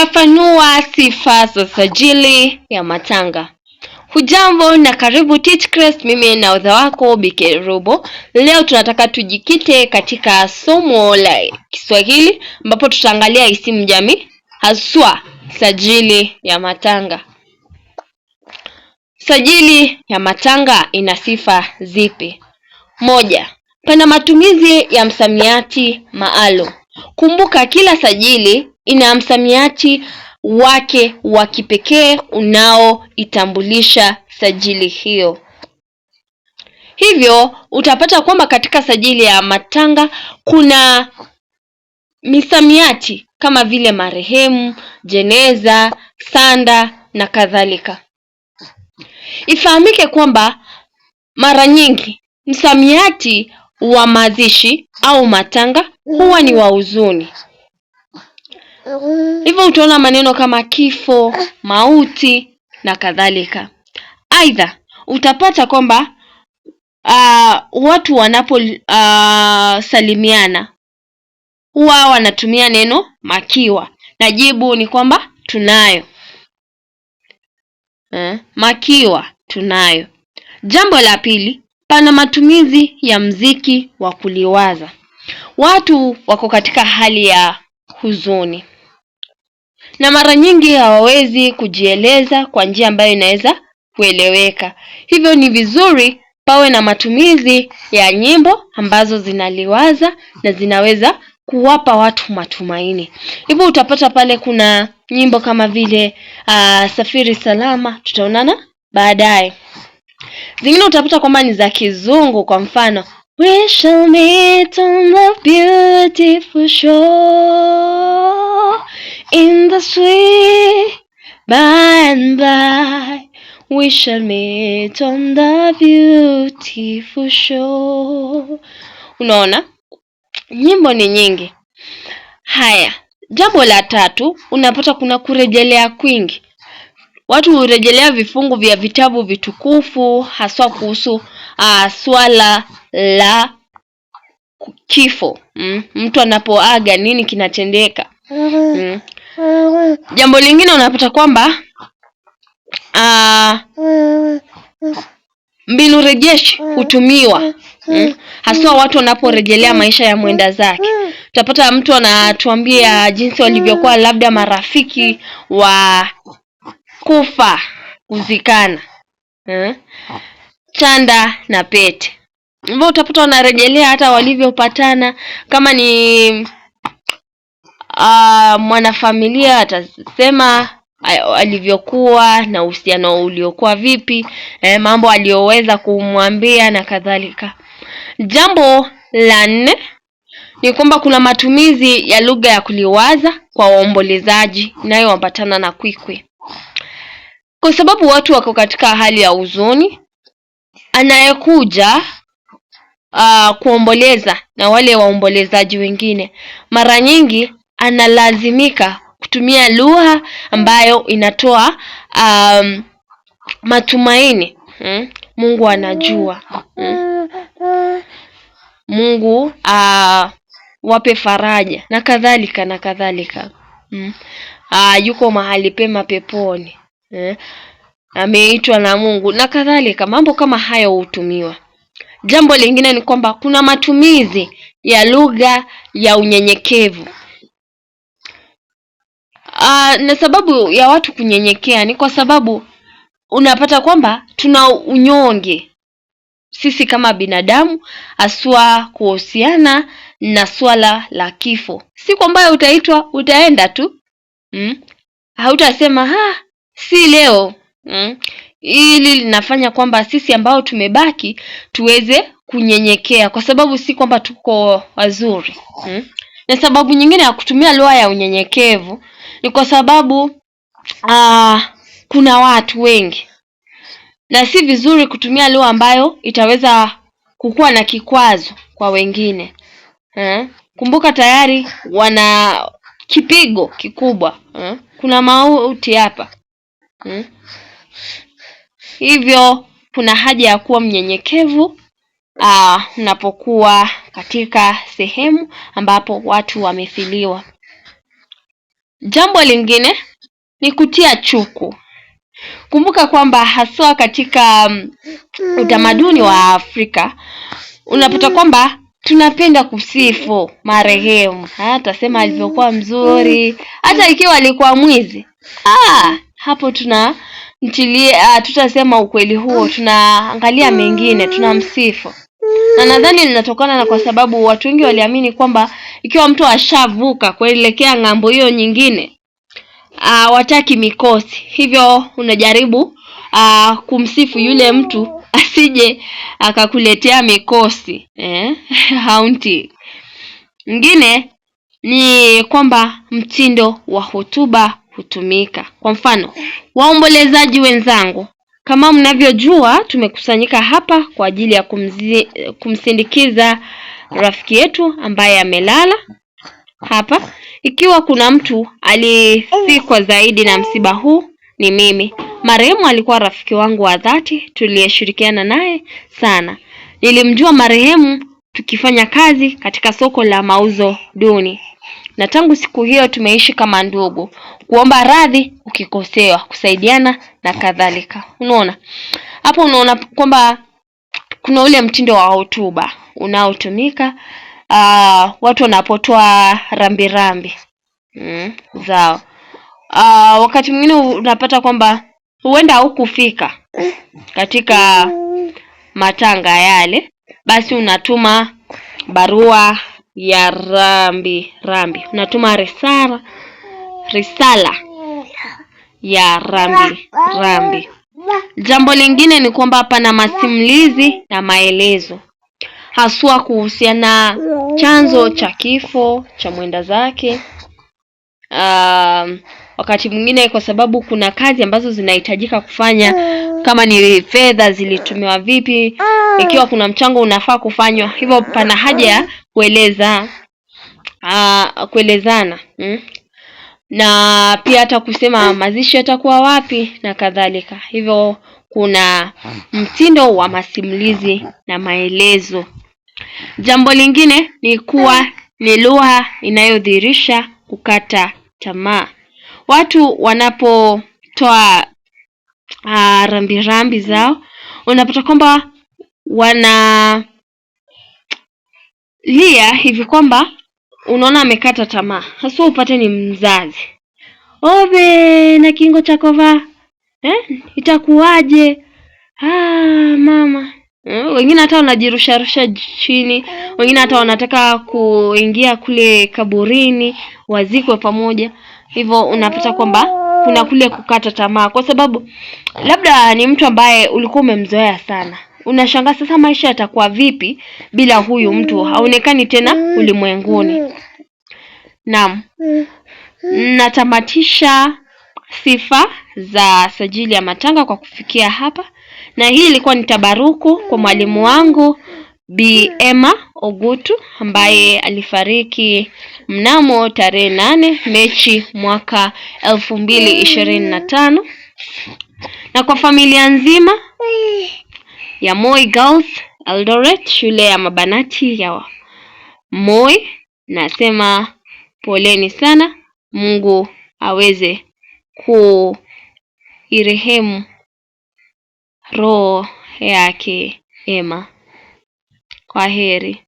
Fafanua sifa za sajili ya matanga. Hujambo na karibu Teachkrest, mimi na udha wako bikerubo Robo. Leo tunataka tujikite katika somo la Kiswahili ambapo tutaangalia isimu jamii, haswa sajili ya matanga. Sajili ya matanga ina sifa zipi? Moja, pana matumizi ya msamiati maalum. Kumbuka kila sajili ina msamiati wake wa kipekee unaoitambulisha sajili hiyo. Hivyo utapata kwamba katika sajili ya matanga kuna misamiati kama vile marehemu, jeneza, sanda na kadhalika. Ifahamike kwamba mara nyingi msamiati wa mazishi au matanga huwa ni wa huzuni. Mm. Hivyo utaona maneno kama kifo, mauti na kadhalika. Aidha, utapata kwamba uh, watu wanaposalimiana ah, uh, huwa wanatumia neno makiwa, na jibu ni kwamba tunayo eh, makiwa tunayo. Jambo la pili, pana matumizi ya mziki wa kuliwaza. Watu wako katika hali ya huzuni na mara nyingi hawawezi kujieleza kwa njia ambayo inaweza kueleweka. Hivyo ni vizuri pawe na matumizi ya nyimbo ambazo zinaliwaza na zinaweza kuwapa watu matumaini. Hivyo utapata pale kuna nyimbo kama vile uh, safiri salama, tutaonana baadaye. Zingine utapata kwamba ni za kizungu, kwa mfano We shall meet on the beautiful shore In the sweet by and by, we shall meet on the beautiful shore. Unaona, nyimbo ni nyingi. Haya, jambo la tatu, unapata kuna kurejelea kwingi. Watu hurejelea vifungu vya vitabu vitukufu haswa kuhusu uh, swala la kifo mm. Mtu anapoaga nini kinatendeka mm-hmm. mm. Jambo lingine unapata kwamba aa, ah, mbinu rejeshi hutumiwa mm, haswa watu wanaporejelea maisha ya mwenda zake. Utapata mtu anatuambia jinsi walivyokuwa labda marafiki wa kufa, kuzikana, mm, chanda na pete. Hivyo utapata wanarejelea hata walivyopatana, kama ni uh, mwanafamilia atasema alivyokuwa na uhusiano uliokuwa vipi, eh, mambo aliyoweza kumwambia na kadhalika. Jambo la nne ni kwamba kuna matumizi ya lugha ya kuliwaza kwa waombolezaji inayoambatana na kwikwi, kwa sababu watu wako katika hali ya huzuni. Anayekuja uh, kuomboleza na wale waombolezaji wengine mara nyingi analazimika kutumia lugha ambayo inatoa um, matumaini hmm? Mungu anajua hmm? Mungu uh, wape faraja na kadhalika na kadhalika hmm? Uh, yuko mahali pema peponi eh? Ameitwa na Mungu na kadhalika, mambo kama hayo hutumiwa. Jambo lingine ni kwamba kuna matumizi ya lugha ya unyenyekevu. Uh, na sababu ya watu kunyenyekea ni kwa sababu unapata kwamba tuna unyonge sisi kama binadamu, haswa kuhusiana na swala la kifo. Si kwamba utaitwa utaenda tu mm? Hautasema ha, si leo mm? Hili linafanya kwamba sisi ambao tumebaki tuweze kunyenyekea, kwa sababu si kwamba tuko wazuri mm? Na sababu nyingine ya kutumia lugha ya unyenyekevu ni kwa sababu uh, kuna watu wengi na si vizuri kutumia lugha ambayo itaweza kukuwa na kikwazo kwa wengine eh? Kumbuka tayari wana kipigo kikubwa eh? Kuna mauti hapa eh? Hivyo kuna haja ya kuwa mnyenyekevu ah, unapokuwa katika sehemu ambapo watu wamefiliwa Jambo lingine ni kutia chuku. Kumbuka kwamba haswa katika mm, utamaduni wa Afrika unapata kwamba tunapenda kusifu marehemu, tutasema alivyokuwa mzuri, hata ikiwa alikuwa mwizi ah, hapo tuna mtilia, ah, tutasema ukweli huo, tunaangalia mengine, tunamsifu na nadhani linatokana na kwa sababu watu wengi waliamini kwamba ikiwa mtu ashavuka kuelekea ng'ambo hiyo nyingine uh, ah, wataki mikosi, hivyo unajaribu uh, kumsifu yule mtu asije akakuletea mikosi eh? haunti Ingine ni kwamba mtindo wa hotuba hutumika. Kwa mfano, waombolezaji wenzangu, kama mnavyojua, tumekusanyika hapa kwa ajili ya kumzi, kumsindikiza rafiki yetu ambaye amelala hapa. Ikiwa kuna mtu alifikwa zaidi na msiba huu ni mimi. Marehemu alikuwa rafiki wangu wa dhati tuliyeshirikiana naye sana. Nilimjua marehemu tukifanya kazi katika soko la mauzo duni na tangu siku hiyo tumeishi kama ndugu, kuomba radhi ukikosewa, kusaidiana na kadhalika. Unaona hapo, unaona kwamba kuna ule mtindo wa hotuba unaotumika uh, watu wanapotoa rambirambi mm, zao uh, wakati mwingine unapata kwamba huenda hukufika katika matanga yale, basi unatuma barua ya rambi rambi, unatuma risala risala ya rambi rambi. Jambo lingine ni kwamba pana masimulizi na maelezo haswa kuhusiana na chanzo cha kifo cha mwenda zake. Uh, wakati mwingine kwa sababu kuna kazi ambazo zinahitajika kufanya, kama ni fedha zilitumiwa vipi, ikiwa kuna mchango unafaa kufanywa, hivyo pana haja ya kueleza ah, kuelezana hmm? na pia hata kusema mazishi yatakuwa wapi na kadhalika. Hivyo kuna mtindo wa masimulizi na maelezo. Jambo lingine ni kuwa ni lugha inayodhihirisha kukata tamaa. Watu wanapotoa ah, rambirambi zao unapata kwamba wana lia hivi kwamba unaona amekata tamaa, hasa upate ni mzazi ove na kingo kova eh? Itakuwaje ah, mama eh? Wengine hata wanajirusharusha chini, wengine hata wanataka kuingia kule kaburini wazikwe pamoja. Hivyo unapata kwamba kuna kule kukata tamaa, kwa sababu labda ni mtu ambaye ulikuwa umemzoea sana Unashangaa sasa maisha yatakuwa vipi bila huyu mtu, mm. haonekani tena mm. ulimwenguni. Mm. Naam, natamatisha sifa za sajili ya matanga kwa kufikia hapa, na hii ilikuwa ni tabaruku kwa mwalimu wangu Bi Emma Ogutu ambaye alifariki mnamo tarehe nane Mechi mwaka elfu mbili ishirini na tano na kwa familia nzima ya Moi Girls Eldoret, shule ya Mabanati ya Moi. Nasema poleni sana, Mungu aweze kuirehemu roho yake ema. Kwa heri.